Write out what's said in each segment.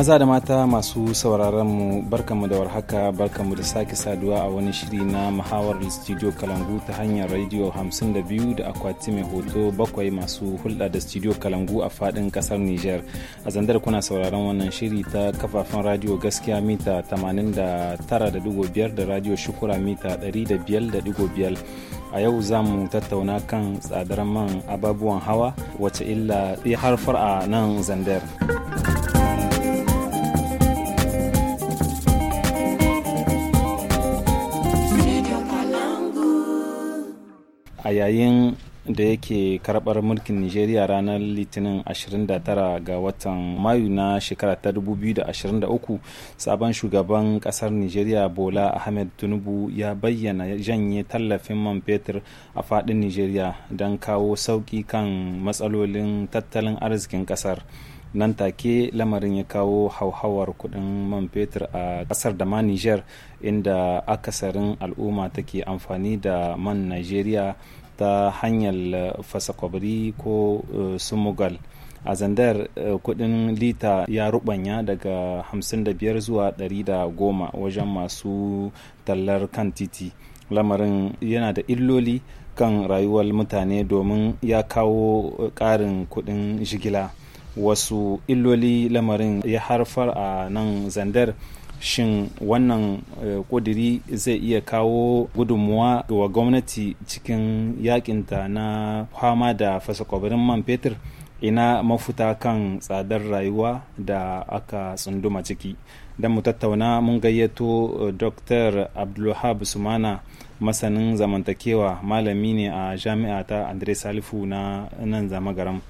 maza da mata masu sauraron mu barkanmu da warhaka barkanmu da sake saduwa a wani shiri na muhawarar studio kalangu ta hanyar radio 52 da akwati mai hoto bakwai masu hulɗa da studio kalangu a fadin kasar niger a zandar kuna sauraron wannan shiri ta kafafen radio gaskiya mita 89.5 da radio shukura mita 105.5 a yau za mu tattauna kan tsadar man ababuwan hawa wace illa ya harfar a nan zandar. a yayin da yake karbar mulkin nigeria ranar litinin 29 ga watan mayu na shekara ta 2023 sabon shugaban kasar nigeria bola ahmed tinubu ya bayyana janye tallafin man fetur a fadin nigeria don kawo sauki kan matsalolin tattalin arzikin kasar nan take lamarin ya kawo hauhawar kudin man fetur a kasar da ma niger inda akasarin al'umma take amfani da man nigeria ta hanyar eh, fasa ko eh, sumugal a zandar eh, kudin lita ya rubanya daga 55 zuwa 110 wajen masu tallar kan titi lamarin yana da illoli kan rayuwar mutane domin ya kawo ƙarin kudin jigila wasu illoli lamarin ya harfar a nan zandar shin wannan eh, kudiri zai iya kawo gudunmuwa wa gwamnati cikin yakinta na fama da fasa man fetur ina mafuta kan tsadar rayuwa da aka tsunduma ciki don mu tattauna mun gayyato eh, dr abdulwahab sumana masanin zamantakewa malami ne a jami'a ta andre salifu na nan zamagaram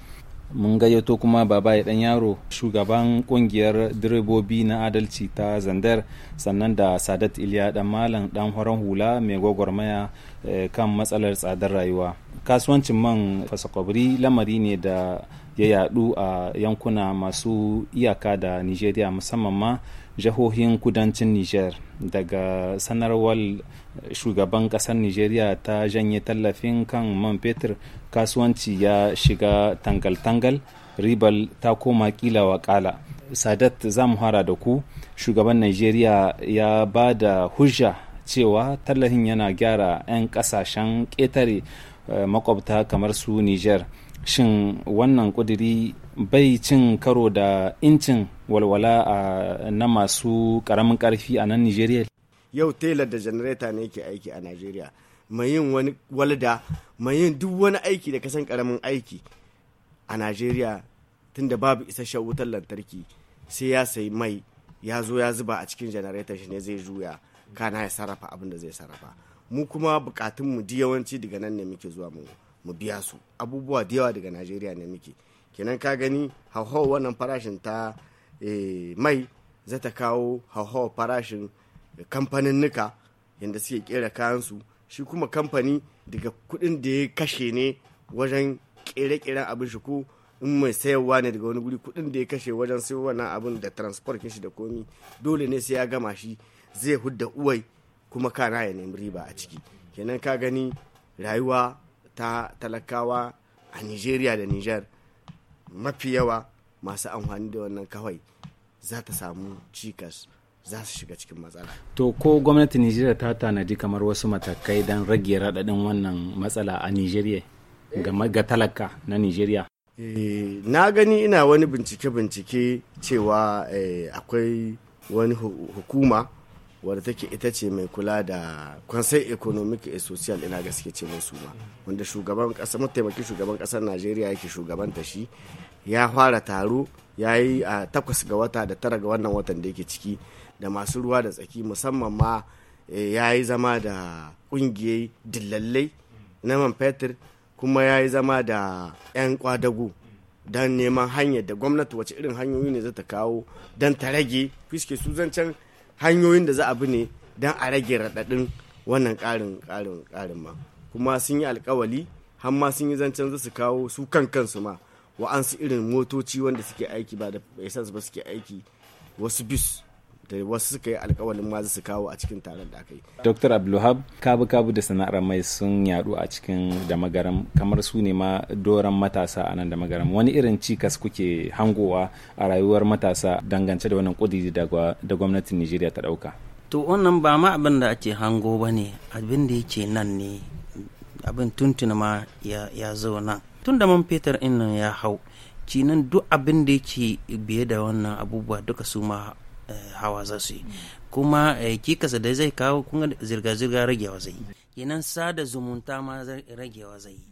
mun gayyato kuma baba ya dan yaro shugaban kungiyar direbobi na adalci ta zandar sannan da sadat iliya dan malam dan horon hula mai gwagwarmaya eh, kan matsalar tsadar rayuwa kasuwancin man fasakwabri lamari ne da ya yadu a yankuna masu iyaka da nigeria musamman ma jihohin kudancin niger daga sanarwar shugaban kasar nigeria ta janye tallafin kan man fetur kasuwanci ya shiga tangal-tangal ribal ta koma kila wa kala sadat za mu hara da ku shugaban nigeria ya ba da hujja cewa tallafin yana gyara 'yan kasashen ƙetare eh, makwabta kamar su niger shin wannan kuduri bai cin karo da incin walwala eh, na masu ƙaramin ƙarfi a nan nigeria yau tela da janareta ne yake aiki a najeriya mai yin wani walda mai yin duk wani aiki da kasan karamin aiki a najeriya da babu isasshen wutar lantarki sai ya sayi mai ya zo ya zuba a cikin janareta shi ne zai juya kana ya sarrafa abin da zai sarrafa mu kuma mu di yawanci daga nan ne muke zuwa mu biya su abubuwa da yawa daga najeriya ne muke kenan ka gani hauhawar wannan farashin ta eh, mai zata kawo hauhawar farashin da kamfanin nuka yadda suke kera kayansu shi kuma kamfani daga kudin da ya kashe ne wajen kere-keren abin shi ko in mai sayarwa ne daga wani guri kudin da ya kashe wajen sayo wannan abin da transport shi da komi dole ne sai ya gama shi zai hudda uwai kuma kana ya nemi riba a ciki kenan ka gani rayuwa ta talakawa a nigeria da niger mafi yawa masu amfani da wannan kawai za ta samu cikas za su shiga cikin matsala. To ko gwamnatin Nijeriya ta tanadi kamar wasu matakai don rage raɗaɗin wannan matsala a Nijeriya ga talaka na Nijeriya? Eh, na gani ina wani bincike-bincike cewa eh, akwai wani hukuma wadda take ita ce mai kula da conseil economic and social ina gaske ce mai suma wanda shugaban kasa mataimakin shugaban kasar najeriya yake shugabanta shi ya fara taro ya yi a takwas ga wata da tara ga wannan watan da yake ciki da masu ruwa da tsaki musamman ma eh, ya yi zama da ƙungiyar dillallai na man fetur kuma ya yi zama da 'yan kwadago don neman hanyar da gwamnati wace irin hanyoyi ne za ta kawo don ta rage fiske su zancen hanyoyin da za a bi ne don a rage raɗaɗin wannan ƙarin ƙarin ƙarin ma kuma sun yi alkawali har ma sun yi zancen za su kawo su kan kansu ma wa'ansu irin motoci wanda suke aiki ba da ba suke aiki wasu bis da wasu suka yi alkawalin ma su kawo a cikin taron da aka yi. Dr. Abdulhab kabu-kabu da sana'ar mai sun yadu a cikin damagaram kamar su ne ma doran matasa a nan da wani irin cikas kuke hangowa a rayuwar matasa dangance da wannan kudi da gwamnatin Nijeriya ta dauka. To wannan ba ma abin da ake hango ba ne abin da yake nan ne abin tuntuna ma ya zo nan. Tun da man fetur in ya hau cinan duk abin da yake biye da wannan abubuwa duka su ma Eh, hawa za su yi kuma eh, kikasa da zai kawo kuma zirga-zirga ragewa zai yi sada zumunta ma ragewa zai yi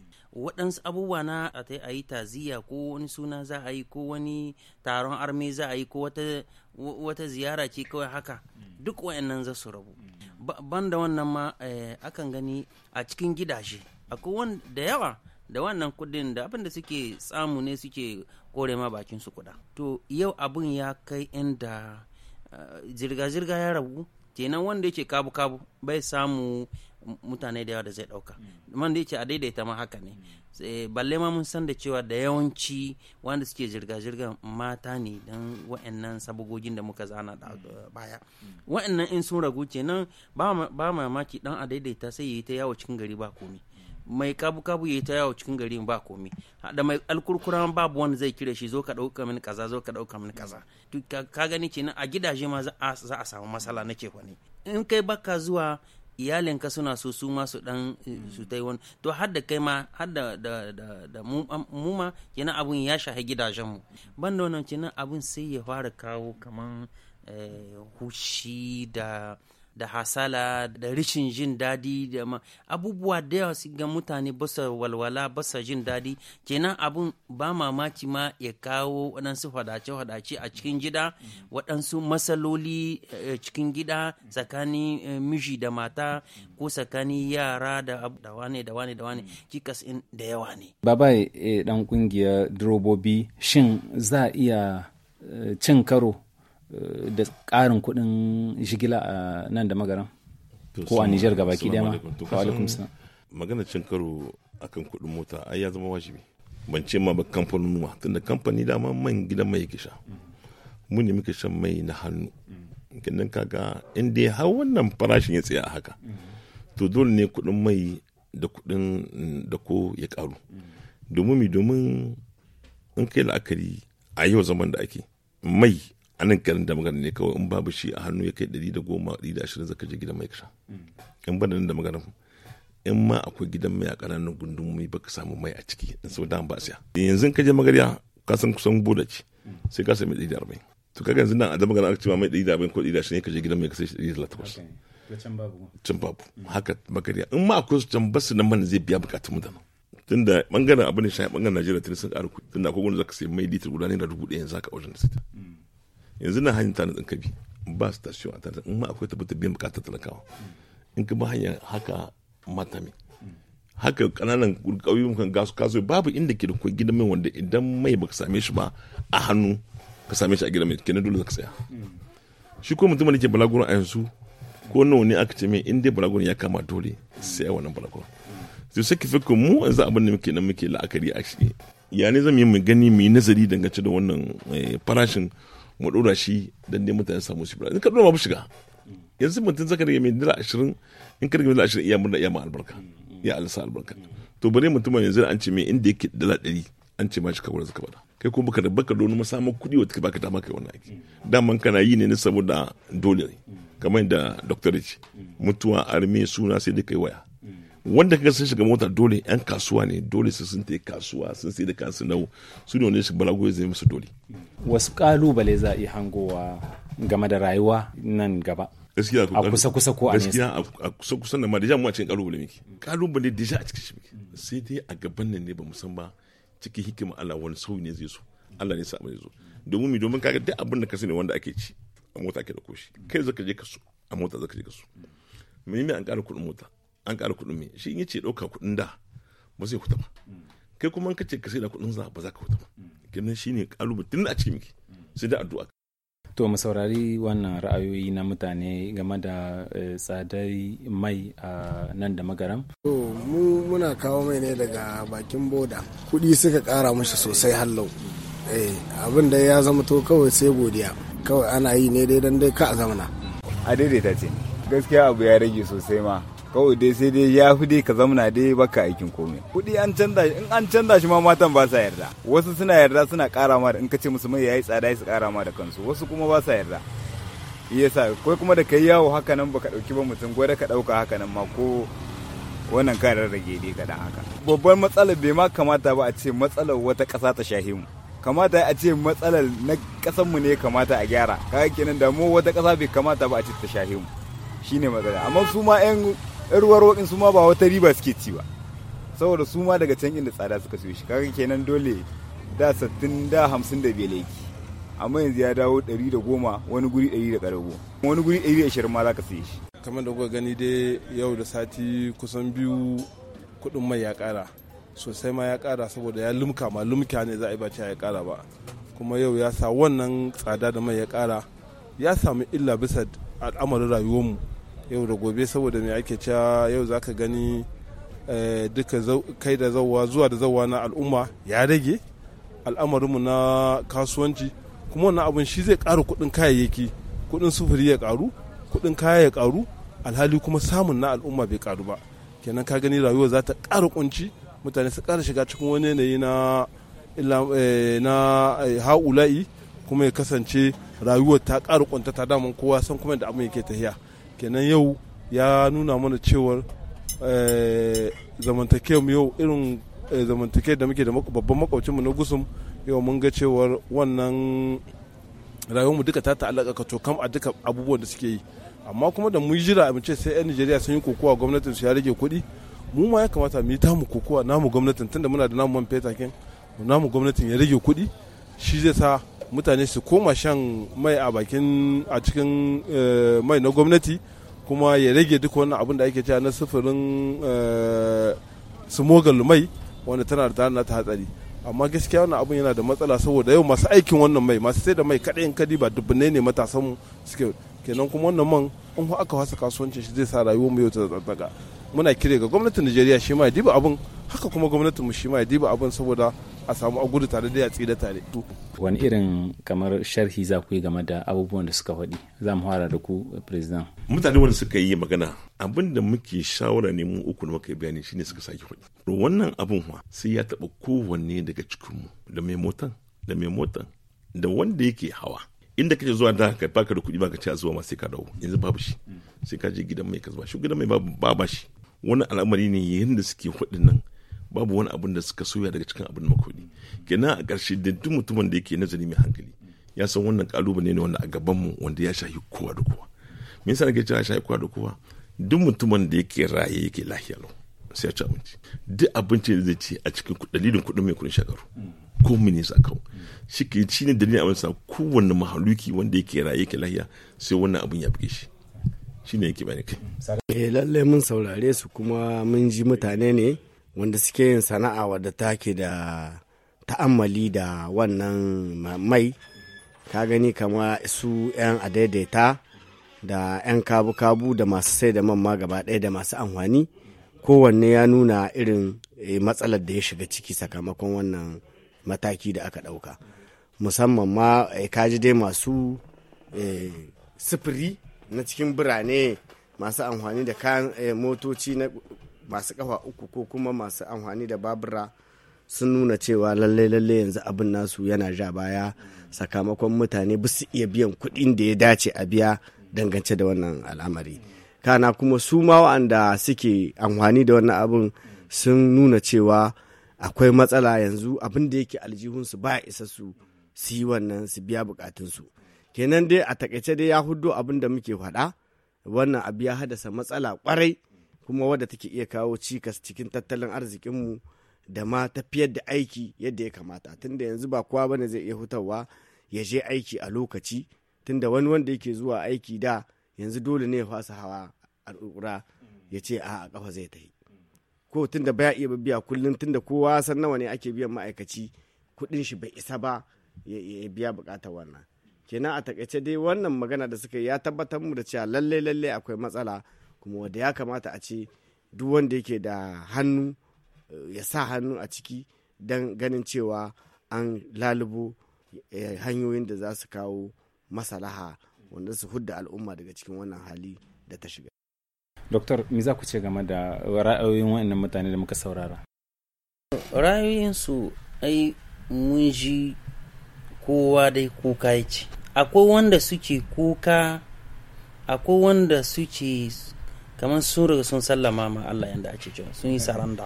waɗansu abubuwa na a ta yi taziya ko wani suna za a yi ko wani taron arme za a yi ko wata ziyara ce kawai haka duk wayannan za su rabu ban da wannan ma eh, akan gani a cikin gidaje akwai da yawa da wannan kudin da abin da suke samu ne suke kore ma bakin su kuda to yau abin ya kai inda zirga-zirga ya ragu kenan wanda yake kabu-kabu bai samu mutane da yawa da zai dauka wanda yake a daidaita ma haka ne balle ma mun san da cewa da yawanci wanda suke zirga-zirga mata ne don wa'annan sabogogin da muka zana da baya wa'annan in sun ragu kenan ba mamaki dan a daidaita sai yi ta yawo cikin gari ba komi mai kabu-kabu ya ta yawo cikin gari ba komi da mai alkurkura babu wanda zai kira shi zo ka ɗauka mini kaza zo ka ɗauka mini kaza ka gani ce a gidaje ma za a samu masala na ke ne in kai baka zuwa iyalinka suna so su ma su dan eh, su ta wani to har da kai ma har da da mu ma kina abun ya shahi gidajen mu. ban da wannan abun sai ya fara kawo kaman eh, hushi da da hasala da rishin jin daɗi da abubuwa da yawa ga mutane su walwala basa jin daɗi kenan abun ba mamaki ma ya kawo waɗansu fadace-fadace a cikin gida waɗansu matsaloli eh, cikin gida tsakanin eh, miji da mata ko tsakanin yara da wane da wane da wane da yawa ne. Baba eh, ɗan ƙungiyar durobobi shin za a iya cin karo da ƙarin kuɗin shigila a nan da magaran ko a Nijar gabaki daya ma magana cin karo akan kuɗin mota ai ya zama wajibi ban ce ma ba tun da kamfani dama man gidan mai yake sha mu ne muke shan mai na hannu Gindin kaga inda ya har wannan farashin ya tsaya haka to dole ne kuɗin mai da kuɗin da ko ya karu. domin mi domin in kai la'akari a yau zaman da ake mai a nan garin da magana ne kawai in babu shi a hannu ya kai ɗari da goma ɗari da ashirin zaka je gidan mai kasha in ba da nan da magana in ma akwai gidan mai a ƙananan mai ba ka samu mai a ciki in sau da ba siya yanzu ka je magarya ka san kusan boda ce sai ka sami ɗari da arba'in to kaga yanzu nan a da magana aka cewa mai ɗari da arba'in ko ɗari da ashirin ka je gidan mai ka sai ɗari da takwas can babu can babu haka magarya in ma akwai su can basu nan mana zai biya bukatun mu da nan tunda bangaren abin da shafi bangaren Najeriya tun sun ƙara kuɗi tunda akwai wanda zaka sai mai litir guda ne da dubu ɗaya yanzu haka wajen da su yanzu na hanyar tana kabi ba su tashi a tanadin in ma akwai tabbatar biyan bukatar talakawa in ka ba hanyar haka matami haka kananan ƙauyukan gasu kaso babu inda ke da gidan mai wanda idan mai baka same shi ba a hannu ka same shi a gidan mai kenan dole ka saya shi ko mutumin da ke balaguro a yanzu ko nawa ne aka ce mai in dai balaguro ya kama dole sai a wannan balaguro zai sai ki fi mu yanzu abin da muke nan muke la'akari a shi ya ne zan yi mu gani mu yi nazari dangance da wannan eh, farashin mu dora shi dan ne mutane samu shi in ka dora ma shiga yanzu mutum zaka rage min dira ashirin in ka rage min dira ashirin iya murna iya ma albarka ya alsa albarka to bare mutum yanzu an ce mai inda yake dala ɗari an ce ma shi ka kawai zaka bada kai kuma baka da baka da wani samu kuɗi wa ka baka dama kai wannan aiki daman kana yi ne ne saboda dole kamar da doctorate mutuwa arme suna sai da kai waya wanda kaga sun shiga mota dole yan kasuwa ne dole su sun tai kasuwa sun sai da kansu nau su ne wanda shi balago zai musu dole wasu kalubale za a iya hangowa game da rayuwa nan gaba gaskiya a kusa kusa ko a gaskiya a kusa kusa na ma da mu a cikin kalubale miki kalubale deja a cikin shi miki sai dai a gaban nan ne ba mu san ba cikin hikima Allah wani sauyi ne zai so Allah ne sa mai zo domin mi domin kaga duk abin da ka sani wanda ake ci a mota ake da koshi kai zaka je ka so a mota zaka je ka so me an kara kudin mota an ƙara kuɗin mai shi in yace ɗauka kuɗin da ba zai huta ba kai kuma ka ce ka sai da kuɗin za ba za ka huta ba kenan shine kalubale tun a cikin miki sai da addu'a to mu saurari wannan ra'ayoyi na mutane game da eh, tsadar mai a nan da magaram to mu muna kawo mai ne daga bakin boda kuɗi suka ƙara mashi sosai hallau eh, abin da ya zama to kawai sai godiya kawai ana yi ne dai don dai ka a zamana a daidaita ce gaskiya abu ya rage sosai ma kawai dai sai dai ya fi dai ka zamana dai baka aikin komai kuɗi an canza in an canza shi ma matan ba sa yarda wasu suna yarda suna ƙara ma da in ka ce musu mai yayi tsada su ƙara ma da kansu wasu kuma ba sa yarda yasa ko kuma da kai yawo haka nan baka ɗauki ba mutum gwada ka ɗauka haka nan ma ko wannan karar rarrage dai kaɗan haka babbar matsalar bai ma kamata ba a ce matsalar wata ƙasa ta shahi mu kamata a ce matsalar na mu ne kamata a gyara kaga kenan da mu wata ƙasa bai kamata ba a ce ta shahi mu shine matsala amma su ma 'yan yan ruwa su ma ba wata riba suke ci ba saboda su ma daga can inda tsada suka siyo shi kaga kenan dole da sattin da hamsin da biyar yake amma yanzu ya dawo ɗari da goma wani guri ɗari da ƙarago wani guri ɗari da ashirin ma za ka siye shi kamar da kuka gani dai yau da sati kusan biyu kuɗin mai ya ƙara sosai ma ya ƙara saboda ya lumka ma lumka ne za a yi ba ya ƙara ba kuma yau ya sa wannan tsada da mai ya ƙara ya samu illa bisa al'amarin rayuwarmu yau da gobe saboda mai ake cewa yau za ka gani eh, duka kai da zauwa zuwa da zauwa na al'umma ya rage al'amarinmu na kasuwanci kuma wannan abin shi zai ƙara kuɗin kayayyaki kuɗin sufuri ya ƙaru kuɗin kaya ya ƙaru alhali kuma samun na al'umma bai ƙaru ba kenan ka gani rayuwa za ta ƙara kunci mutane su ƙara shiga cikin wani yanayi na eh, na eh, ha'ula'i kuma ya kasance rayuwar ta ƙara ta daman kowa san kuma da abin yake tahiya kenan yau ya nuna mana cewar eh, zamantakewar yau irin eh, zamantakewar da muke da babban mu na gusum yau mun ga cewar wannan rayuwarmu duka ta ta'allaka ka tokam a duka abubuwan da suke yi amma kuma da mu jira a ce sai 'yan nigeria sun yi kokowa gwamnatin su ya rage kuɗi mu ma ya kamata mu yi tamu kokowa namu gwamnatin tunda muna da namu man fetakin namu gwamnatin ya rage kuɗi shi zai sa mutane su koma shan mai a bakin a cikin eh, mai na gwamnati kuma ya rage duk wani abin da ake cewa na sufurin eh, smogal mai wanda tana da tana ta hatsari amma gaskiya wannan abin yana da matsala saboda yau masu aikin wannan mai masu sai da mai kaɗai in kadi ba dubbinai ne matasan mu suke kenan kuma wannan man in aka wasa kasuwancin shi zai sa rayuwar mu yau ta tsatsaga muna kire ga gwamnatin Najeriya shi ma ya diba abin haka kuma gwamnatin mu shi ma ya diba abin saboda a samu a gudu tare da ya tsira tare. Wani irin kamar sharhi za ku yi game da abubuwan da suka faɗi za mu fara da ku president. Mutane wanda suka yi magana abin da muke shawara ne mu uku da muka bayani shine suka sake faɗi. Wannan abin sai ya taɓa kowanne daga cikinmu da mai motan da mai motan da wanda yake hawa. inda kake zuwa da ka baka da kuɗi baka ce a zuwa ma sai ka dawo yanzu babu shi sai ka je gidan mai ka zuwa shi gidan mai babu ba shi wani al'amari ne yadda suke hudin nan babu wani abin da suka soya daga cikin abin makoni kenan a ƙarshe da duk mutumin da yake nazari mai hankali ya san wannan kalubale ne wanda a gaban mu wanda ya shahi kowa da kowa me yasa nake cewa shahi kowa da kowa duk mutumin da yake raye yake lafiya lo sai ya ci abinci duk abinci da zai ci a cikin dalilin kuɗin mai kuɗin shekaru ko mene sa kawo shi ke ci ne dalilin abin sa kowanne mahaluki wanda yake raye yake lafiya sai wannan abin ya buge shi shine yake bani kai eh, lallai lalle mun saurare su kuma mun ji mutane ne wanda suke yin sana'a wadda take da ta'ammali da wannan mai ka gani kama su 'yan adaidaita da 'yan kabu-kabu da masu sai da mamma gaba ɗaya da masu amfani kowanne ya nuna irin eh, matsalar da ya shiga ciki sakamakon wannan mataki da aka ɗauka musamman ma eh, ka ji dai masu eh, sufuri na cikin birane masu amfani da kayan motoci na masu kafa uku ko kuma masu amfani da babura sun nuna cewa lalle lalle yanzu abin nasu yana ja baya sakamakon mutane ba su iya biyan kuɗin da ya dace a biya dangance da wannan al'amari kana kuma su ma wa'anda suke amfani da wannan abin sun nuna cewa akwai matsala yanzu abin da yake aljihunsu ba isa su su yi wannan su biya bukatunsu kenan dai a takaice dai ya hudo abin da muke faɗa wannan abu ya haddasa matsala kwarai kuma wadda take iya kawo cikas cikin tattalin arzikinmu da ma tafiyar da aiki yadda ya kamata tunda yanzu ba kowa bane zai iya hutawa ya je aiki a lokaci tunda wani wanda yake zuwa aiki da yanzu dole ne ya fasa hawa al'ura ya ce a a kafa zai tafi ko tunda baya iya biya kullum tunda kowa san nawa ne ake biyan ma'aikaci kuɗin shi bai isa ba ya biya bukatar wannan kenan a takaice dai wannan magana da suka yi ya tabbatar mu da cewa lallai-lallai akwai matsala kuma wanda ya kamata a ce duk wanda yake da hannu eh, ya sa hannu a ciki don ganin cewa an lalubo eh, hanyoyin da za su kawo masalaha wanda su hudda al'umma daga cikin wannan hali da ta shiga. Doktor, me za ku ce game da ra'ayoyin waɗannan mutane da muka saurara? Ra'ayoyinsu ai mun ji kowa dai kuka ce. Akwai wanda suke kuka, akwai wanda suke kamar sun riga sun sallama ma Allah yanda ake cewa sun yi saranda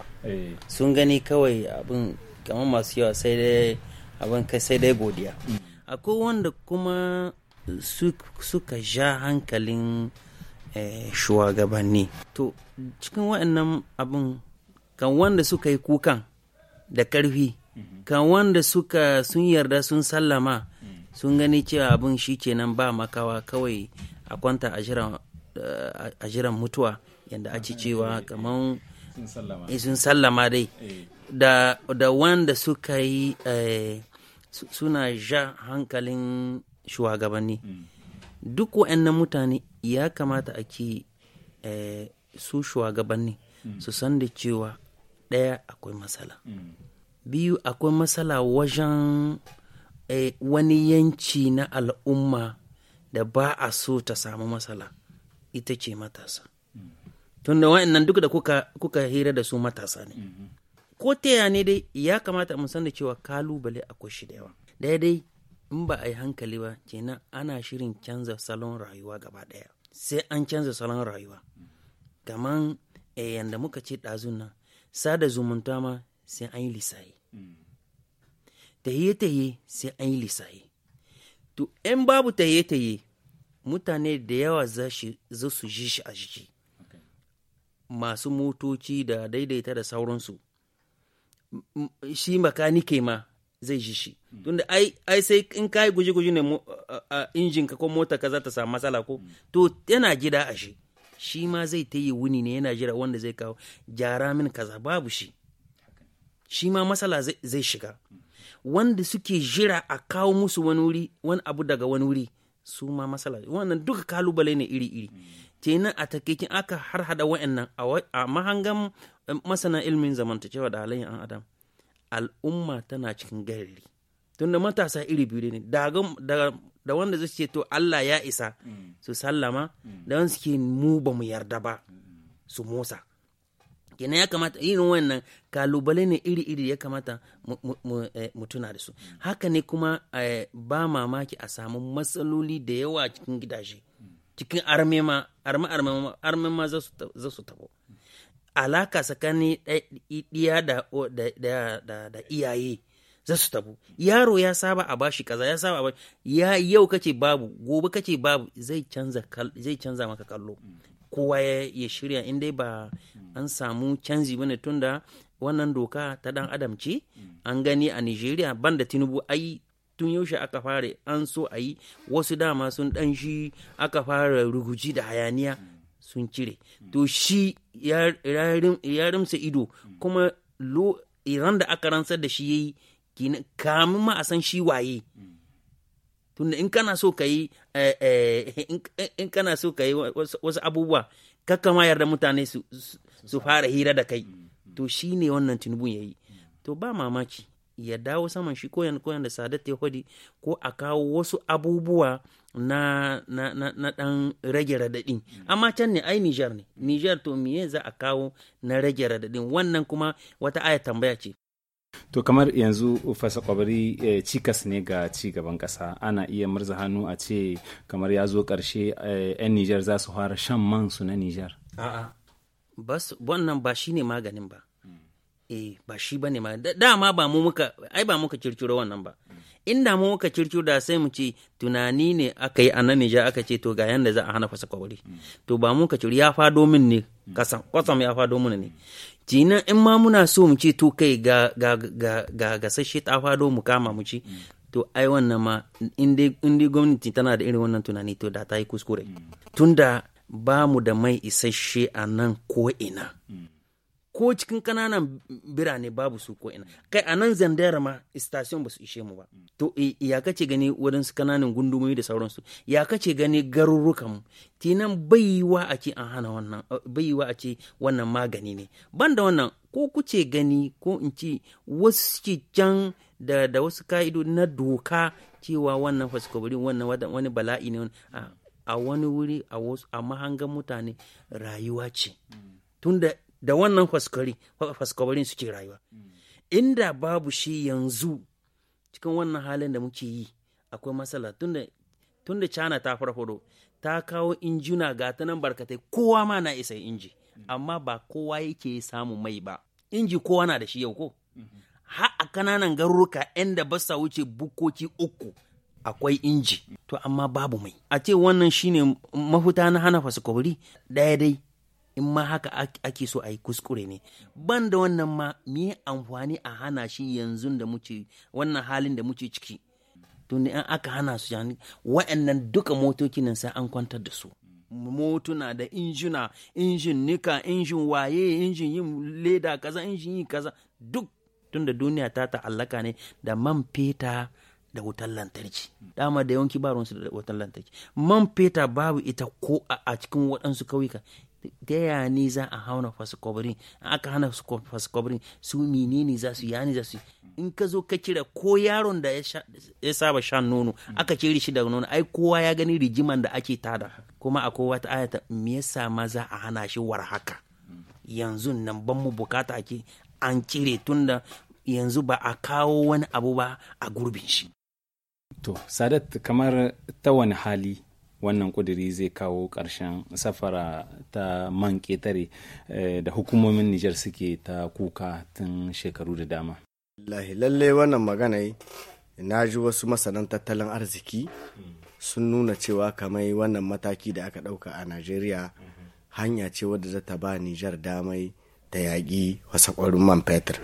sun gani kawai abin kamar masu yawa sai dai abin kai sai dai godiya akwai wanda kuma suka ja hankalin eh, shugabanni to cikin wa'annan abin kan wanda suka yi kukan da karfi kan wanda suka sun yarda sun sallama sun gani cewa abin shi kenan ba makawa kawai a kwanta a jira a jiran mutuwa yadda ake cewa eh, kamar eh, sun sallama dai eh. da wanda suka yi suna ja hankalin shugabanni mm. duk wa'annan mutane ya kamata a ke su shugabanni mm. su san da cewa ɗaya akwai matsala mm. biyu akwai matsala wajen wani yanci na al'umma da ba a so ta samu matsala ita ce matasa tunda wa'annan duk da kuka, kuka hira da su matasa ne ko ta ne dai ya kamata mu san da cewa kalubale akwai shi da yawa daya dai in ba a yi hankali ba kenan ana shirin canza salon rayuwa gaba daya sai an canza salon rayuwa kaman e, yanda muka ce ɗazun nan sada zumunta ma sai an yi lisaye tahiye-tahiye sai an yi lisaye to in babu tahiye-tahiye mutane da yawa za su ji shi a jiki masu motoci da daidaita da sauransu shi makanike ma zai ji shi hmm. tunda ai sai in kai guji-guji ne a injin ka ko mota ka za ta samu matsala ko hmm. to yana gida a shi shi ma zai ta yi wuni ne yana jira wanda zai kawo gyara min kaza babu shi shi ma matsala zai shiga hmm. wanda suke jira a kawo musu wani wuri wani abu daga wani wuri su ma matsala wannan duka kalubale ne iri-iri kenan a takaikin aka har hada wa'annan a mahangan eh, masana ilmin zamantakewa da halayen an adam al'umma tana cikin gariri tunda matasa iri biyu ne da wanda zai ce to Allah ya isa mm. su sallama mm. da wanda suke mu ba mu yarda ba mm. su motsa kenan ya kamata irin wannan kalubale ne iri-iri ya kamata mu eh, tuna da su haka ne kuma eh, ba mamaki a samu matsaloli da yawa cikin gidaje cikin arme ma za su tabo alaka tsakanin ɗiya da iyaye za su tabo yaro ya saba a bashi kaza ya saba a bashi ya yau kace babu gobe kace babu zai canza zai canza maka kallo kowa ya shirya in dai ba an samu canji bane tunda wannan doka ta dan adam ce an gani a nigeria banda tinubu ai tun yaushe aka fara an so a yi wasu dama sun dan shi aka fara ruguji da hayaniya sun cire to shi ya rimsa ido kuma iran da aka ransar da shi ya yi kamin ma a san shi waye tunda in kana so ka yi eh, eh, in kana wasu abubuwa kakka ma yarda mutane su fara hira da kai to shi ne wannan tinubun ya yi to ba mamaki ya dawo saman shi koyan koyan da sadat ta hodi ko a kawo wasu abubuwa na na na, na dan rage radadin amma can ne ai Niger ne Niger to miye za a kawo na rage radadin wannan kuma wata aya tambaya ce To kamar yanzu fasa kwabari eh, cikas ne ga ci gaban ƙasa ana iya murza hannu a ce kamar ya zo ƙarshe 'yan eh, Nijar za su fara shan man su na Nijar. A'a. Bas wannan ba shi ne maganin ba. Eh ba shi ba ne ma dama ba mu muka ai ba muka kirkiro wannan ba. Inda mu muka kirkiro da sai mu ce tunani ne aka yi a nan Nijar aka ce to ga yanda za a hana fasa kwabari. To ba muka kirkiro ya fado min ne kasam ya fado min ne. jinan in ma muna so mu ce to kai ga ga ga ga gasashe ta fado mu kama mu ci to ai wannan ma in dai gwamnati tana da irin wannan tunani to da ta yi kuskure mm. tunda ba mu da mai isasshe a nan ko ina mm. ko cikin kananan birane babu su ko ina kai a nan zandara ma station ba su ishe mu ba to ya kace gani waɗansu kananan gundumomi da sauransu ya kace gani garurrukan mu tinan baiwa a ce an hana wannan baiwa a ce wannan magani ne ban da wannan ko kuce gani ko in ce wasu suke can da da wasu ka'ido na doka cewa wannan fasikobarin wannan wani bala'i ne a wani wuri a wasu a mahangan mutane rayuwa ce mm. tunda da wannan faskwabarin suke rayuwa hmm. inda babu shi yanzu cikin wannan halin da muke yi akwai matsala tun da china ta farfado ta kawo injuna ga ta nan barkatai kowa ma na isa inji hmm. amma ba kowa yake samu mai ba inji kowa na da shi yau ko hmm. har a kananan garuruka inda ba sa wuce bukoki uku akwai inji to amma babu mai a ce wannan shine mafuta na hana fasikobiri ɗaya dai in ma haka ake so a yi kuskure ne ban da wannan ma mu amfani a hana shi yanzu da muke wannan halin da muke ciki to ne an aka hana su yani wa'annan duka motoci nan sai an kwantar da su motuna da injina injin nika injin waye injin yin leda kaza injin yin kaza duk tunda duniya ta ta'allaka ne da man feta da wutar lantarki dama da yawanki ba ruwansu da wutar lantarki man feta babu ita ko a cikin waɗansu kauyuka ta ya ne za a hauna fasikobrin aka hana fasikobrin su menene za su yani za su in ka zo ka kira ko yaron da ya saba shan nono aka kire shi daga nono ai kowa ya gani rigiman da ake tada kuma a kowa ta ayata me yasa ma za a hana shi war haka yanzu nan ban mu bukata ake an cire tunda yanzu ba a kawo wani abu ba a gurbin shi to sadat kamar ta wani hali wannan kuduri zai kawo ƙarshen safara ta man ketare eh, da hukumomin nijar suke ta kuka tun shekaru da dama lalle wannan magana na ji wasu masanan tattalin arziki sun nuna cewa kamai wannan mataki da aka ɗauka a najeriya hanya ce wadda za ta ba nijar damai da yaƙi wasa man fetur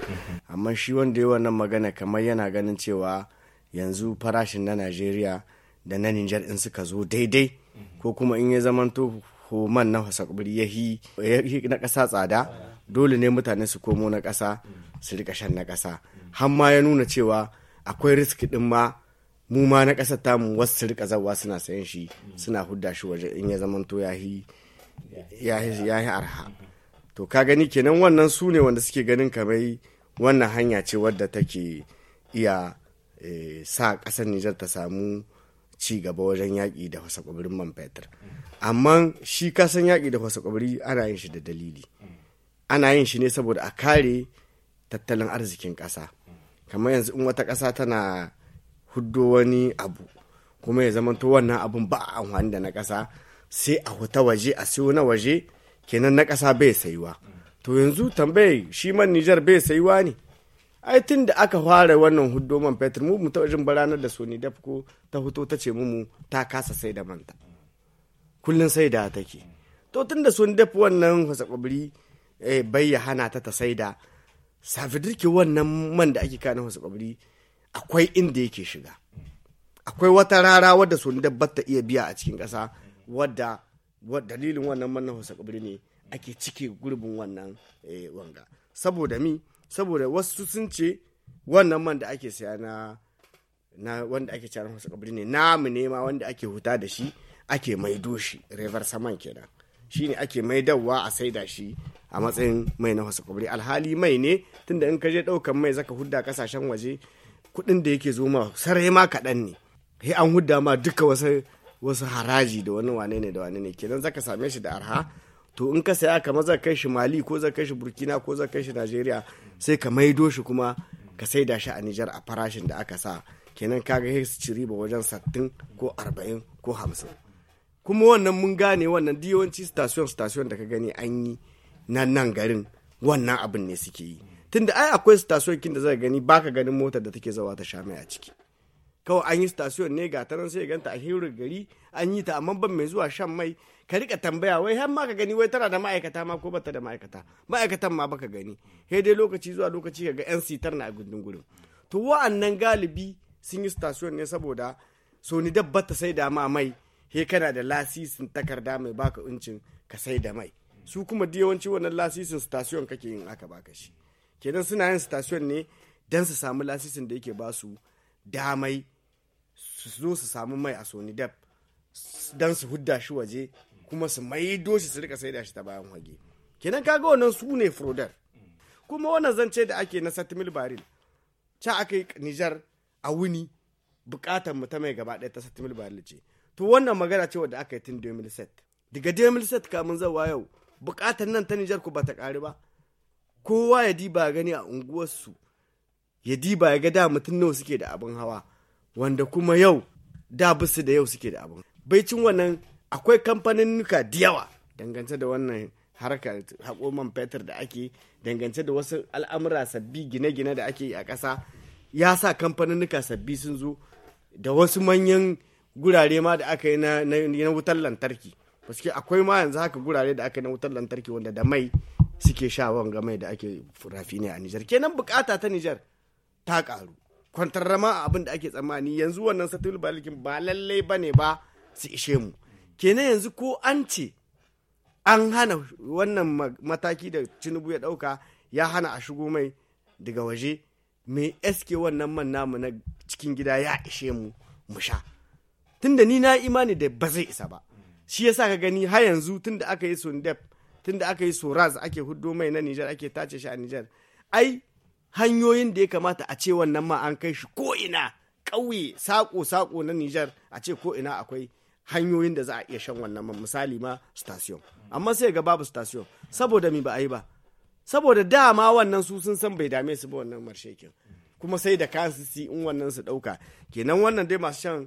amma shi wanda ya wannan magana kamar yana ganin cewa yanzu farashin na najeriya da na Nijar in suka zo daidai ko kuma in ya zamanto homan na hasakburi ya yi na ƙasa tsada dole ne mutane su komo na ƙasa su rika shan na ƙasa har ma ya nuna cewa akwai riski ɗin ma mu ma na ƙasar tamu wasu su rika zawa suna sayan shi suna hudda shi waje in ya zamanto ya yi arha to ka gani kenan wannan su ne wanda suke ganin kamar wannan hanya ce wadda take iya eh, sa ƙasar Nijar ta samu ci gaba wajen yaƙi da wasa ƙwabirin man fetur amma shi kasan yaƙi da wasa ƙwabiri ana yin shi da dalili ana yin shi ne saboda a kare tattalin arzikin ƙasa kamar yanzu in wata ƙasa tana huddo wani abu kuma ya zamanto wannan abun ba a amfani da na ƙasa sai a huta waje a siyo na waje kenan na ƙasa bai sayuwa to yanzu tambayi shi man nijar bai sayuwa ne ai tun da aka fara wannan hudoman fetur mu mu jin baranar da soni ko ta hoto ta ce mu ta kasa sai da manta kullun sai da take to tun da soni dafko wannan eh, bai ya hana ta ta sai da safidirki wannan man da ake kana fasakwabri akwai inda yake shiga akwai wata rara wadda soni da ta iya biya a cikin ƙasa wadda dalilin wannan man na fasakwabri ne ake cike gurbin wannan eh, wanga saboda mi saboda wasu sun ce wannan man da ake saya na na wanda ake cewa masa kabri ne namu ne ma wanda ake huta da shi ake maido shi river saman kenan shine ake maidawa a saida shi a matsayin mai na wasu kabri alhali mai ne tunda in ka je daukan mai zaka hudda kasashen waje kudin da yake zo ma sarai ma kaɗan ne sai an hudda ma duka wasu wasu haraji da wani wane ne da wane ne kenan zaka same shi da arha to in ka saya kamar za kai shi mali ko za kai shi burkina ko za kai shi najeriya sai ka maido shi kuma ka saida shi a nijar a farashin da aka sa kenan kaga ga su ci riba wajen sattin ko arba'in ko hamsin kuma wannan mun gane wannan diyawanci station station da ka gani an yi na nan garin wannan abin ne suke yi tunda ai akwai station kin da zai gani baka ganin motar da take zawa ta sha mai a ciki kawai an yi station ne ga taron sai ganta a hirar gari an yi ta amma ban mai zuwa shan mai ka rika tambaya wai har ma ka gani wai tana da ma'aikata ma ko bata da ma'aikata ma'aikatan ma baka gani sai dai lokaci zuwa lokaci ka ga yan sitar na a gundun to wa'annan galibi sun yi station ne saboda so ni dabba ta sai da ma mai he kana da lasisin takarda mai baka uncin ka sai da mai su kuma da yawanci wannan lasisin station kake yin aka baka shi kenan suna yin station ne dan su samu lasisin da yake basu damai su zo su samu mai a soni dab dan su hudda shi waje kuma su maido shi su rika saida shi ta bayan hage kenan kaga wannan su ne frodar kuma wannan zance da ake na satimil baril ca aka yi nijar a wuni bukatar mu ta mai gaba ɗaya ta satimil baril ce to wannan magana ce wadda aka yi tun 2007 daga 2007 kamun zawa yau bukatar nan ta nijar ku bata ƙari ba kowa ya diba gani a unguwarsu ya diba ya ga da mutum nawa suke da abin hawa wanda kuma yau da bisu da yau suke da abin baicin wannan akwai kamfaninnuka da yawa dangance da wannan harkar hakoman fetur da ake dangance da wasu al'amura sabbi gine-gine da ake yi a ƙasa ya sa kamfaninnuka sabbi sun zo da wasu manyan gurare ma da aka yi na, wutar lantarki paske akwai ma yanzu haka gurare da aka yi na wutar lantarki wanda da mai suke sha wanga mai da ake rafi ne a Nijar kenan bukata ta Nijar ta karu rama abin da ake tsammani yanzu wannan satul balikin ba lallai bane ba su ishe mu kenan yanzu ko an ce an hana wannan mataki da tinubu ya ɗauka ya hana a shigo mai daga waje mai eske wannan man namu na cikin gida ya ishe mu mu sha tunda ni na imani da ba zai isa ba shi yasa ka gani har yanzu tunda aka yi sundep tunda aka yi soraz ake huddo mai na nijar ake tace shi a nijar ai hanyoyin da ya kamata a ce wannan ma an kai shi ko ina ƙauye sako sako na nijar a ce ko ina akwai hanyoyin da za a iya shan wannan man misali ma station amma sai ga babu station saboda mi ba a yi ba saboda dama wannan su sun san bai dame su ba wannan marshekin kuma sai da su si in wannan su dauka kenan wannan dai masu shan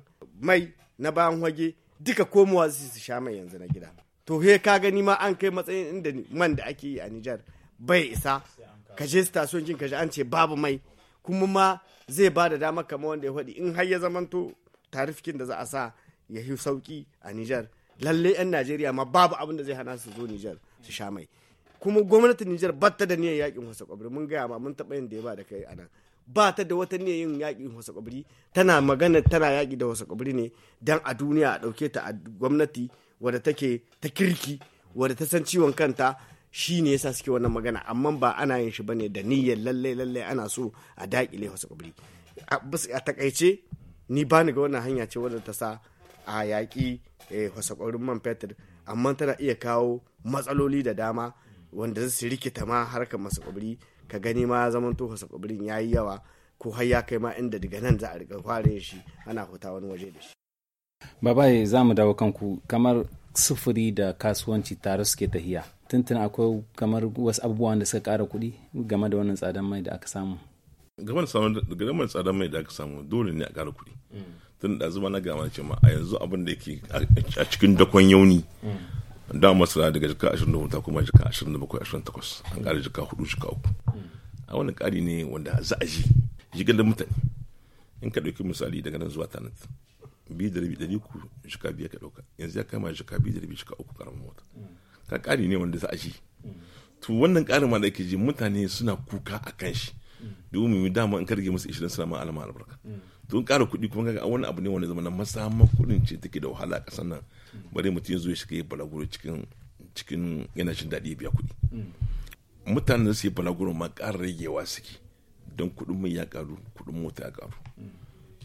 mai na bayan hage duka komowa su sha mai yanzu na gida to he ka gani ma an kai matsayin inda man da ake yi a Nijar bai isa ka je station kin ka ji an ce babu mai kuma ma zai ba da dama kamar wanda ya faɗi in har ya zamanto tarifikin da za a sa ya yi sauki a Nijar lalle 'yan Najeriya ma babu abin da zai hana su zo Nijar su sha mai kuma gwamnatin Nijar ba ta da niyyar yakin wasa kwabri mun gaya ma mun taɓa yin da ya ba da kai a nan ba ta da wata niyyar yin yakin wasa kwabri tana magana tana yaki da wasa kwabri ne dan a duniya a ɗauke ta a gwamnati wadda take ta kirki wadda ta san ciwon kanta shi ne yasa suke wannan magana amma ba ana yin shi bane da niyyar lallai lalle ana so a daƙile wasa kwabri a takaice ni bani ga wannan hanya ce wadda ta sa a yaƙi fasakwarin eh, man fetur amma tana iya kawo matsaloli da dama wanda su rikita ma harkar masakwabri ka gani ma zaman to fasakwabrin ya yi yawa ko har ya kai ma inda daga nan za a riga kware shi ana huta wani waje da shi. babaye eh, za mu dawo kanku kamar sufuri da kasuwanci tare suke tahiya tuntun akwai kamar wasu abubuwan da suka kara kuɗi game da wannan tsadan mai da aka samu game da tsadan mai da aka samu dole ne a kara kuɗi mm. tun da zuma na gama ce ma a yanzu abin da yake a cikin dakon yauni da masu na daga jika 24 kuma jika 27 28 an ƙara jika 4 jika 3 a wani kari ne wanda za a ji jigar da mutane in ka ɗauki misali daga nan zuwa tanit biyu da rabi ɗari ku jika biya ka ɗauka yanzu ya kama jika biyu da rabi jika uku karamin mota ka kari ne wanda za a ji to wannan kari ma da ake ji mutane suna kuka a kan shi domin dama in ka rage musu 20 suna ma alama albarka don ƙara kuɗi kuma kaga wani abu ne wani zama na masamman kuɗin ce take da wahala a ƙasar nan bari mutum ya zo ya shiga ya balaguro cikin cikin yana jin daɗi ya biya kuɗi mutanen da su yi balaguro ma ƙara ragewa suke don kuɗin mai ya ƙaru kuɗin mota ya ƙaru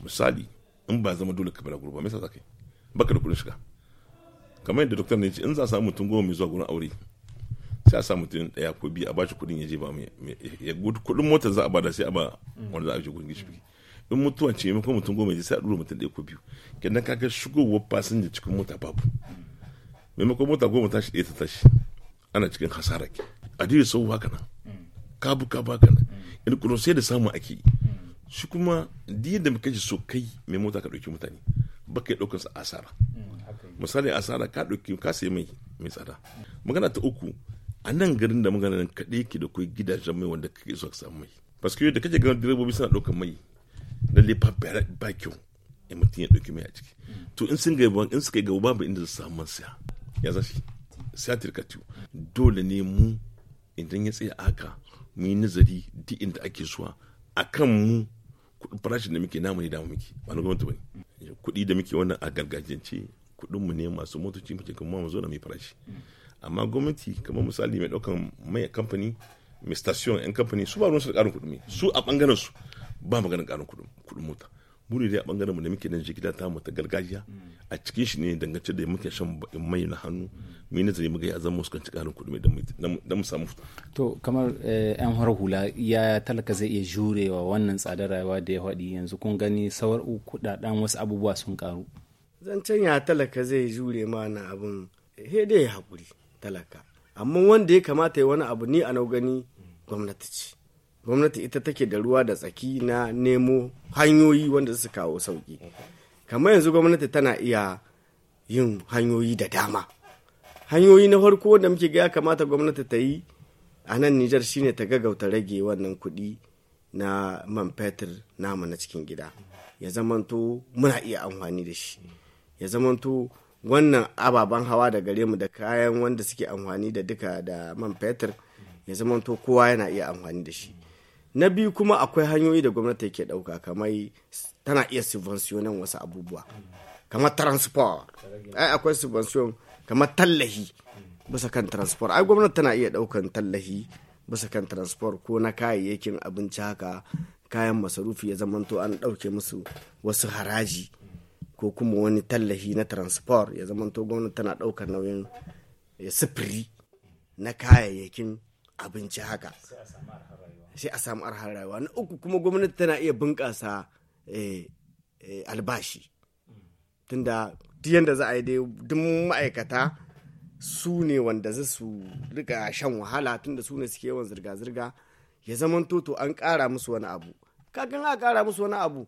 misali in ba zama dole ka balaguro ba me yasa zaka yi baka da kuɗin shiga kamar yadda doktor ne ce in za a samu mutum goma mai zuwa gurin aure sai a samu mutum ɗaya ko biyu a bashi kuɗin ya je ba mai ya kuɗin mota za a bada sai a ba wanda za a je gurin gishiri in mutuwan ce maimakon mutum goma ya sai a ɗura mutum ɗaya ko biyu kenan kaga shigowar fasinja cikin mota babu maimakon mota goma tashi ɗaya ta tashi ana cikin hasara ke a dai sau haka nan kabu ba haka nan in kuma sai da samu ake shi kuma diyan da muka ji so kai mai mota ka ɗauki mutane ba ka ɗaukar sa asara misali asara ka ɗauki ka sai mai mai tsada magana ta uku a nan garin da magana nan kaɗai ke da kai gidajen mai wanda kake so ka samu mai parce que da kake ganin direbobi suna ɗaukar mai lalle ba kyau ya mutum ya ɗauki mai a ciki to in sun gaba in suka gaba babu inda su samu man siya ya zashi siya tirkatu dole ne mu idan ya tsaya haka mu yi nazari duk inda ake zuwa a kan mu kuɗin farashin da muke namu ne damu muke ba na gwamnati ne kuɗi da muke wannan a gargajiyance kuɗin mu ne masu motoci muke cikin mu zo na mai farashi amma gwamnati kamar misali mai ɗaukan mai kamfani mai station yan kamfani su ba ruwan su da ƙarin kuɗi su a ɓangaren su ba maganin karin kudin mota buri dai a bangaren mu da muke nan gida ta mu ta gargajiya a cikin shi ne dangance da muke shan mai na hannu mai na zai muga ya zama su kanci karin kuɗi da mu samu to kamar yan eh, har hula ya talaka zai iya jurewa wannan tsadar rayuwa da ya faɗi yanzu kun gani sawar kuɗaɗen wasu abubuwa sun karu zancen ya talaka zai jure ma na abun he dai hakuri talaka amma wanda ya kamata ya wani abu ni a nau gani gwamnati ce gwamnati ita take da ruwa da tsaki na nemo hanyoyi wanda su kawo sauki kamar yanzu gwamnati tana iya yin hanyoyi da dama hanyoyi na farko wanda muke ga ya kamata gwamnati ta yi a nan nijar shine ta gagauta rage wannan kuɗi na man fetur namu na cikin gida ya zamanto muna iya amfani da shi ya zamanto wannan ababen hawa da gare mu da kayan wanda suke amfani da duka da man fetur ya zamanto kowa yana iya amfani da shi na biyu kuma akwai hanyoyi da gwamnati ke ɗauka kamar tana iya subvencionin wasu abubuwa kamar transport ai akwai subvention kamar tallahi bisa kan transport ai gwamnati tana iya ɗaukan tallahi bisa kan transport ko na kayayyakin abinci haka kayan masarufi ya zamanto an dauke musu wasu haraji ko kuma wani tallahi na transport ya zamanto gwamnati tana ɗaukar nauyin sifiri na kayayyakin abinci haka sai a samu arhar rayuwa na uku kuma gwamnati tana iya bunƙasa eh, eh, albashi tunda duk yadda za a yi dai duk ma'aikata su ne wanda za su rika shan wahala tunda su ne suke yawan zirga-zirga ya zaman toto an ƙara musu wani abu kakan a ƙara musu wani abu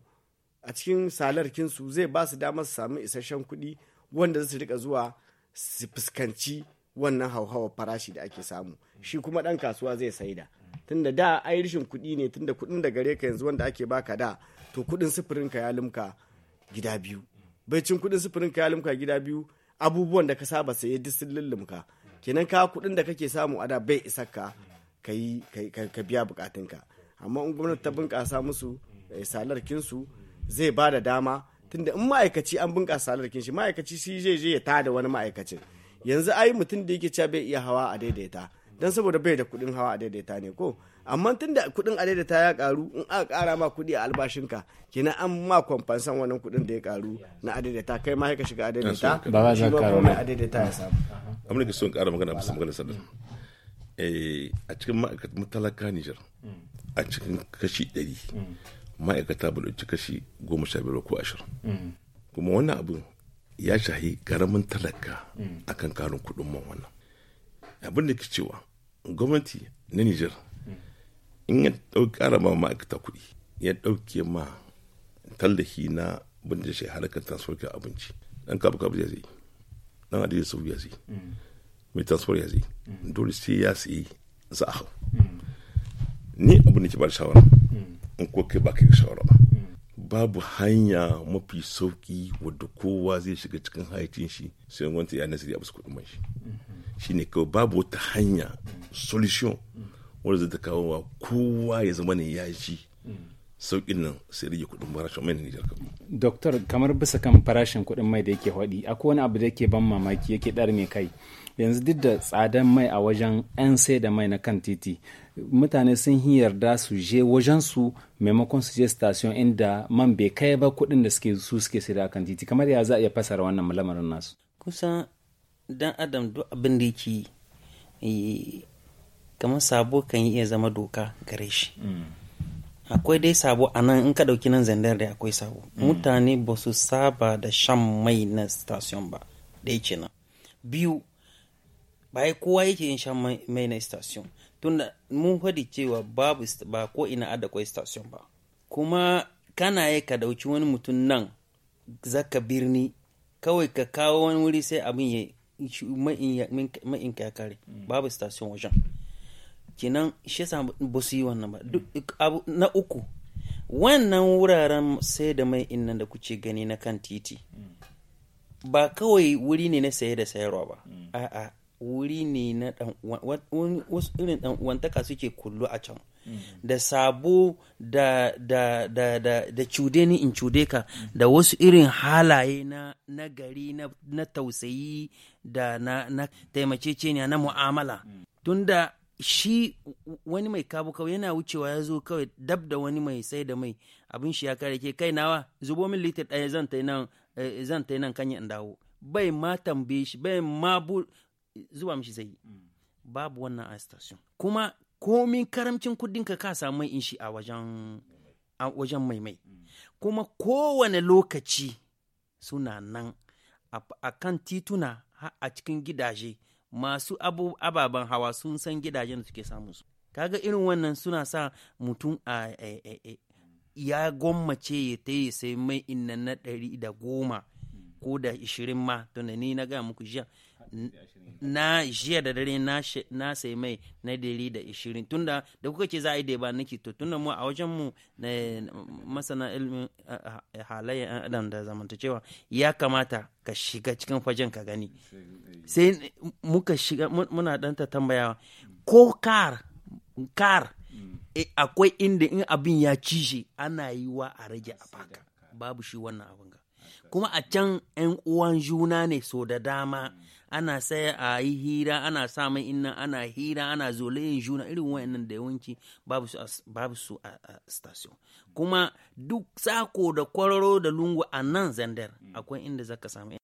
a cikin salarkinsu zai ba su damar su samu isasshen kuɗi wanda za su rika zuwa su fuskanci wannan hauhawar farashi da ake samu shi kuma ɗan kasuwa zai saida tunda da ai rishin kuɗi ne tunda kuɗin da gare ka yanzu wanda ake baka da to kuɗin sufurin ka ya limka gida biyu cin kuɗin sufurin ka ya limka gida biyu abubuwan da ka saba saye duk sun lullumka kenan ka kuɗin da kake samu ada bai isa ka ka yi ka biya bukatunka amma in gwamnati ta bunƙasa musu eh, salarkinsu zai ba da dama tunda in ma'aikaci an bunƙasa salarkin shi ma'aikaci shi zai je ya tada wani ma'aikacin yanzu ai mutum da yake cewa bai iya hawa a daidaita don saboda bai da kudin hawa a daidaita ne ko amma tun da kudin a daidaita ya karu in aka kara ma kudi a albashinka kina an ma kwamfansan wannan kudin da ya karu na a daidaita kai ma ka shiga a daidaita shi ma kuma mai a daidaita ya samu. amma son magana magana sadar eh, a cikin hmm. a cikin kashi ɗari hmm. ma'aikata ba da kashi goma sha biyar ko ashirin hmm. kuma wannan abu ya shahi karamin talaka akan karin kudin man wannan abin da ke cewa gwamnati na nijar in ya ƙara ma ma'aikata kuɗi ya ɗauke ma tallafi na bunda da shi harkar transfer abinci ɗan kabu kabu ya zai ɗan adiyar sau ya zai mai transfer ya zai dole sai ya sayi za a hau ni abin da ke ba da shawara in ko kai ba ka shawara ba babu hanya mafi sauƙi wadda kowa zai shiga cikin haicin shi sai wanta ya nasiri a basu kudin man shi shine kawai babu wata hanya solution wanda zai ta kawo kowa ya zama ne ya ji sauƙin nan sai rage kuɗin farashin mai Nijar kan. Doktor kamar bisa kan farashin kuɗin mai da yake haɗi akwai wani abu da yake ban mamaki yake ɗar mai kai yanzu duk da tsadan mai a wajen 'yan sai da mai na kan titi mutane sun yi yarda su je wajen su maimakon su je station inda man bai kai ba kuɗin da suke su suke sai da kan titi kamar ya za a iya fasara wannan lamarin nasu. Kusan dan adam duk abin da yake eh, kamar sabo kan iya zama doka gare shi mm. akwai dai sabo a nan in ka ɗauki nan zandar da akwai sabo mm. mutane ba su saba da shan mai na station ba da yake nan biyu ba kowa yake yin shan mai na station tunda mun faɗi cewa babu ba ko ina ada kwai station ba kuma kana yi ka ɗauki wani mutum nan zaka birni kawai ka kawo wani wuri sai abin ya mai ya kare mm. babu station wajen kenan shi yasa ba wannan ba na uku wannan wuraren sai da mai innan da kuke gani na kan titi ba kawai wuri ne na saye da sayarwa ba a'a wuri ne na wasu irin dan ɗan'uwantaka suke kullu a can da sabo da da da da da cude ni in cude ka da wasu irin halaye na na gari na, tausayi da na na taimakeceniya na mu'amala tunda shi wani mai kabu kawai yana wucewa ya zo kawai dab da wani mai sai da mai abin shi ya kare ke kai nawa zubo min litir ɗaya zan ta nan eh, zan ta nan kanya in dawo bai ma tambaye shi bai ma bu zuba mishi zai mm. babu wannan a station kuma komin karamcin kudin ka ka samu in shi a wajen a wajen mai mai mm. kuma kowane lokaci suna nan a kan tituna a cikin gidaje masu abu ababen hawa sun san gidajen da suke samu su kaga irin wannan suna sa mutum a ya gwammace ya ta yi sai mai inna na ɗari da goma ko da ishirin ma tunani na gaya muku jiya na jiya da dare na sai mai na dari da ishirin tunda da kuka ce za a yi da ba niki to tunda mu a wajen mu masana ilimin halayen adam da zamantacewa ya kamata ka shiga cikin fajen ka gani sai muka shiga muna danta tambayawa ko kar kar eh, akwai inda in abin ya ci ana yi wa a rage a baka babu shi wannan abin ga kuma a can 'yan uwan juna ne so da dama ana saya a yi hira ana sa mai inna ana hira ana zolayin juna irin wayannan da yawanci babu su a, station kuma duk sako da kwararo da lungu a nan zandar mm. akwai inda zaka samu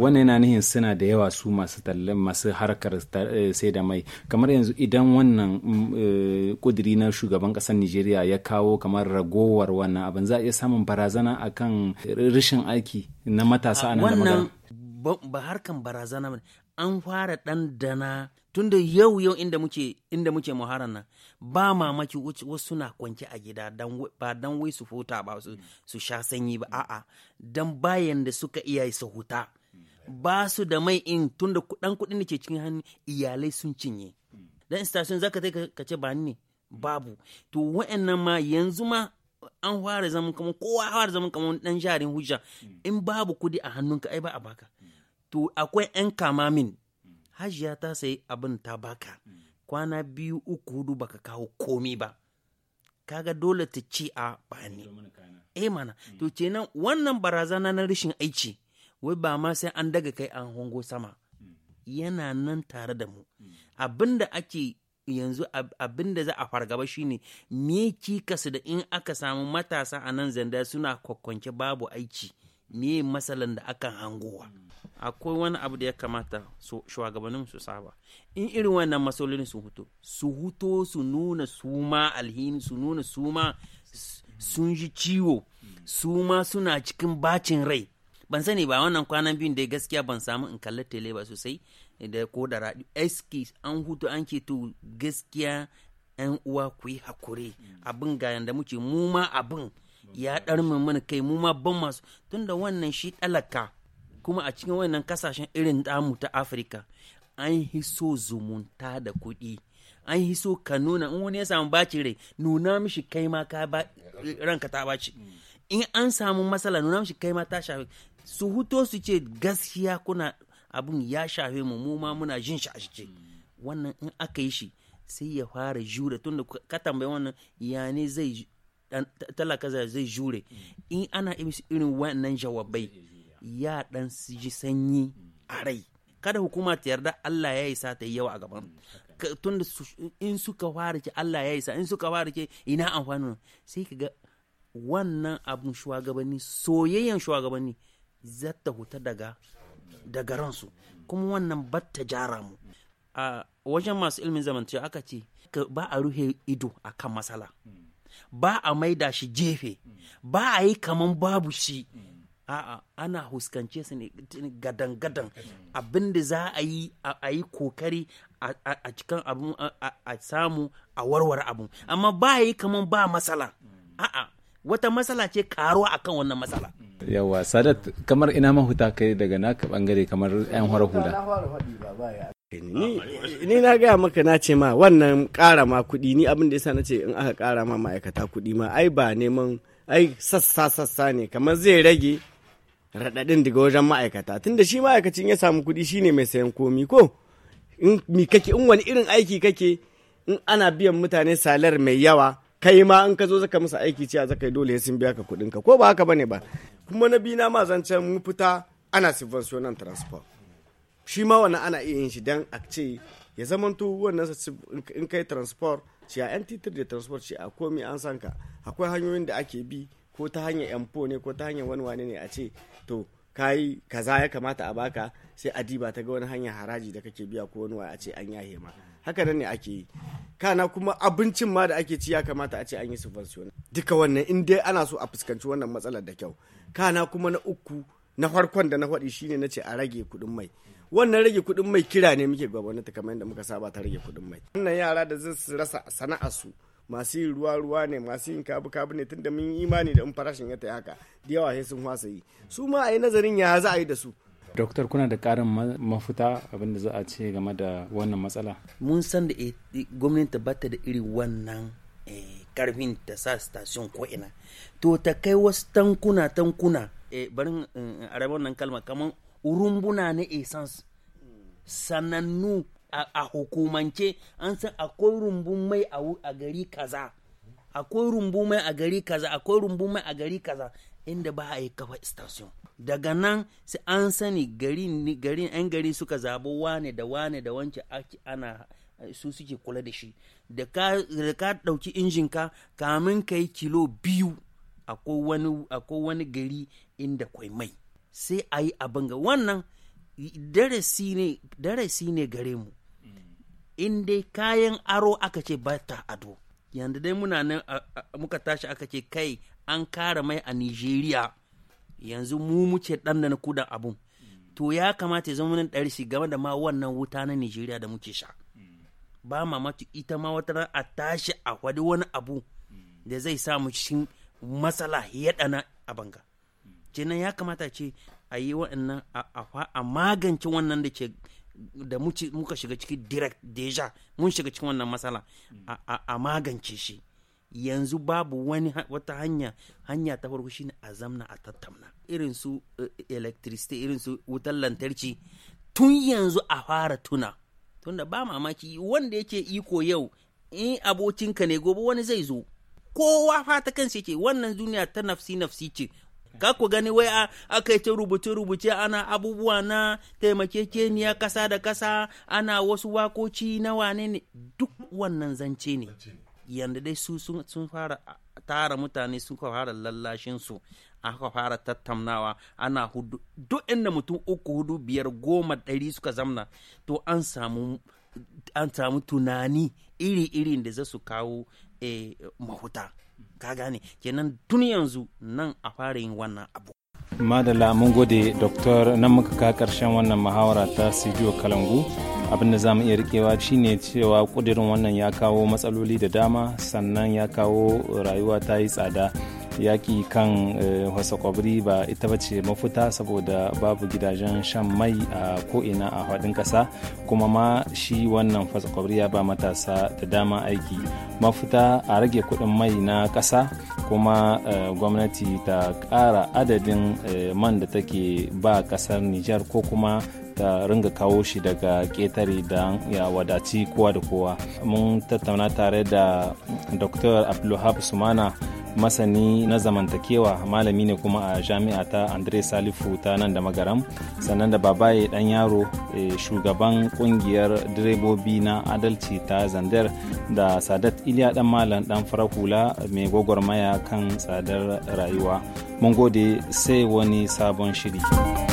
wannan yana nihin suna da yawa su masu tallan masu harkar eh, sai da mai kamar yanzu idan wannan mm, eh, kudiri na shugaban kasar nigeria ya kawo kamar ragowar wannan abin za a iya samun barazana akan rashin aiki na matasa a nan da ba harkan barazana ba an fara ɗan dana tun da yau yau inda muke inda muke muharan nan ba mamaki wasu na kwance a gida ba dan wai su huta ba su sha sanyi ba a'a dan bayan da suka iya su huta ba su da mai in tun da dan kuɗin da ke cikin hannu iyalai sun cinye dan station zaka kai ka ce ba ni babu to wa'annan ma yanzu ma an fara zaman kamar kowa fara zaman kamar dan jarin hujja in babu kudi a hannunka ai ba a baka to akwai 'yan kamamin hajiya ta sayi abin ta baka kwana biyu uku hudu baka kawo komi ba kaga dole ta ci a bani E mana eh mm. to kenan wannan barazana na rashin aici wai ba ma sai an daga kai an hongo sama mm. yana nan tare da mu mm. abinda ake yanzu abinda za a fargaba shine me kikasu da in aka samu matasa a nan zanda suna kwakwanke babu aiki me masalan da akan hangowa akwai wani abu da ya kamata shugabannin su saba in irin wannan masololin su huto su huto su nuna su ma alhini su nuna su sun ji ciwo su ma suna cikin bacin rai ban sani ba wannan kwanan biyun da gaskiya ban samu in kalli tele ba sosai da ko da radi eski an hutu an ke to gaskiya yan uwa ku yi hakuri abin ga yanda muke mu ma abin ya ɗarmin mana kai mu ma ban masu tunda wannan shi talaka kuma a cikin wannan kasashen irin damu ta afirka an yi so zumunta da kuɗi an yi so ka nuna in wani ya samu baci rai nuna mishi kai ma ka ba ranka ta baci in an samu matsala nuna mishi kai ma ta shafe su huto su ce gaskiya kuna abun ya shafe mu mu ma muna jin shi a shi wannan in aka yi shi sai ya fara jure tunda ka tambayi wannan ya ne zai talaka zai jure in ana irin wannan jawabai ya dan ji sanyi a rai kada hukuma ta yarda Allah ya isa ta yi yawa a gaban mm, tun da in suka fara ke Allah ya isa in suka fara ke ina amfani sai ka ga wannan abun shugabanni soyayyen shugabanni zata huta daga daga ransu kuma wannan batta jara mu a wajen masu ilmin zamantakewa aka ce ba a ruhe ido a akan matsala mm. ba a maida shi jefe mm. ba a yi kaman babu shi a'a ana huskance su ne gadan-gadan abin da za a yi a yi kokari a cikin abin a samu a warware abin amma ba yi kamar ba matsala a'a wata matsala ce karuwa akan wannan matsala yawa sadat kamar ina mahuta kai daga naka bangare kamar yan hula ni na gaya maka na ce ma wannan kara ma kuɗi ni abin da yasa na ce in aka kara ma ma'aikata kuɗi ma ai ba neman ai sassa sassa ne kamar zai rage raɗaɗin daga wajen ma'aikata tunda shi ma'aikacin ya samu kuɗi shine mai sayan komi ko in wani irin aiki kake in ana biyan mutane salar mai yawa kai ma in ka zo zaka musu aiki cewa zaka yi dole sun biya ka kuɗin ka ko ba haka bane ba kuma na biyu na ma zancen mu fita ana subventionan transport shi ma wannan ana iya yin shi dan a ce ya zamanto wannan in kai transport ci a 'yan titir da transport ci a komi an sanka akwai hanyoyin da ake bi ko ta hanyar empo ne ko ta hanyar wani wane ne a ce to kayi kaza ya kamata a baka sai a diba ta ga wani hanyar haraji da kake biya ko wani a ce an yahe ma haka nan ne ake yi kana kuma abincin ma da ake ci ya kamata a ce an yi su subvention duka wannan in dai ana so a fuskanci wannan matsalar da kyau kana kuma na uku na farkon da na faɗi shine na ce a rage kuɗin mai wannan rage kuɗin mai kira ne muke gwamnati kamar yadda muka saba ta rage kuɗin mai wannan yara da zai rasa sana'a su masu yin ruwa ruwa ne masu yin kabu kabu ne tunda mun yi imani da in farashin ya ta haka da yawa sai sun hwasa yi su ma a yi nazarin ya za a yi da su Doktor kuna da karin mafita abinda za a ce game da wannan matsala? Mun san da eh, gwamnati ba bata da iri wannan karfin eh, ta sa station ina To ta kai wasu tankuna tankuna eh, barin a nan kalma kamar rumbuna na essence sanannu a hukumance an san akwai rumbun mai a gari kaza akwai rumbu mai a gari kaza akwai rumbun mai a gari kaza inda ba a yi kafa station daga nan sai an sani garin yan gari suka zabo wane da wane da wance ana su suke kula da shi da ka ɗauki injin ka kamin ka yi kilo biyu akwai wani wani gari inda kwai mai sai a yi abin ga wannan darasi ne gare mu in dai kayan aro aka ce ba ta ado yanda dai muna nan muka tashi aka ce kai an kara mai a nigeria yanzu mu muce dan da na abun to ya kamata ya zama nan ɗari game da ma wannan wuta na nigeria da muke sha ba mamaki ita ma wata a tashi a wadi wani abu da zai sa mu cikin matsala ya ɗana a banga jinan ya kamata ce a yi wa'annan a magance wannan da ke da muka shiga ciki direct deja mun shiga cikin wannan matsala hmm. a magance shi yanzu babu wani wata hanya hanya ta farko shine a zamna a tattauna irin su eh, electricity irin su wutar lantarki tun yanzu a fara tuna tunda ba mamaki wanda yake iko yau in abokinka ne gobe wani zai zo kowa fata kansa yake wannan duniya ta nafsi nafsi ce ka ku gani wai a aka yi ta rubuce-rubuce ana abubuwa na taimakekeniya kasa da kasa ana wasu wakoci na wane ne duk wannan zance ne yanda dai su sun fara tara mutane sun fara lallashin su aka fara tattaunawa ana hudu duk inda mutum uku hudu biyar goma ɗari suka zamna to an samu an samu tunani iri iri da za su kawo eh, mahuta ka gane kenan tun yanzu nan a fara yin wannan abu madala mun gode doktor nan muka ka karshen wannan muhawara ta studio kalangu abin da za mu iya rikewa shine cewa kudirin wannan ya kawo matsaloli da dama sannan ya kawo rayuwa ta yi tsada yaƙi kan wasa eh, kwabri ba ita ba ce mafita saboda babu gidajen shan mai a ko'ina a haɗin ƙasa kuma ma shi wannan fasa kwabri ya ba matasa da dama aiki mafuta a rage kuɗin mai na ƙasa kuma eh, gwamnati ta ƙara adadin eh, man da take ba ƙasar nijar ko kuma ta ringa kawo shi daga ƙetare da ya wadaci kowa da kowa mun tattauna tare da dr abdulhab sumana masani na zamantakewa malami ne kuma a jami'a ta andre salifu ta nan da magaram sannan da babaye dan yaro eh, shugaban kungiyar direbobi na adalci ta zandar da sadat iliya dan malam dan farakula mai gwagwarmaya kan tsadar rayuwa mun gode sai wani sabon shiri.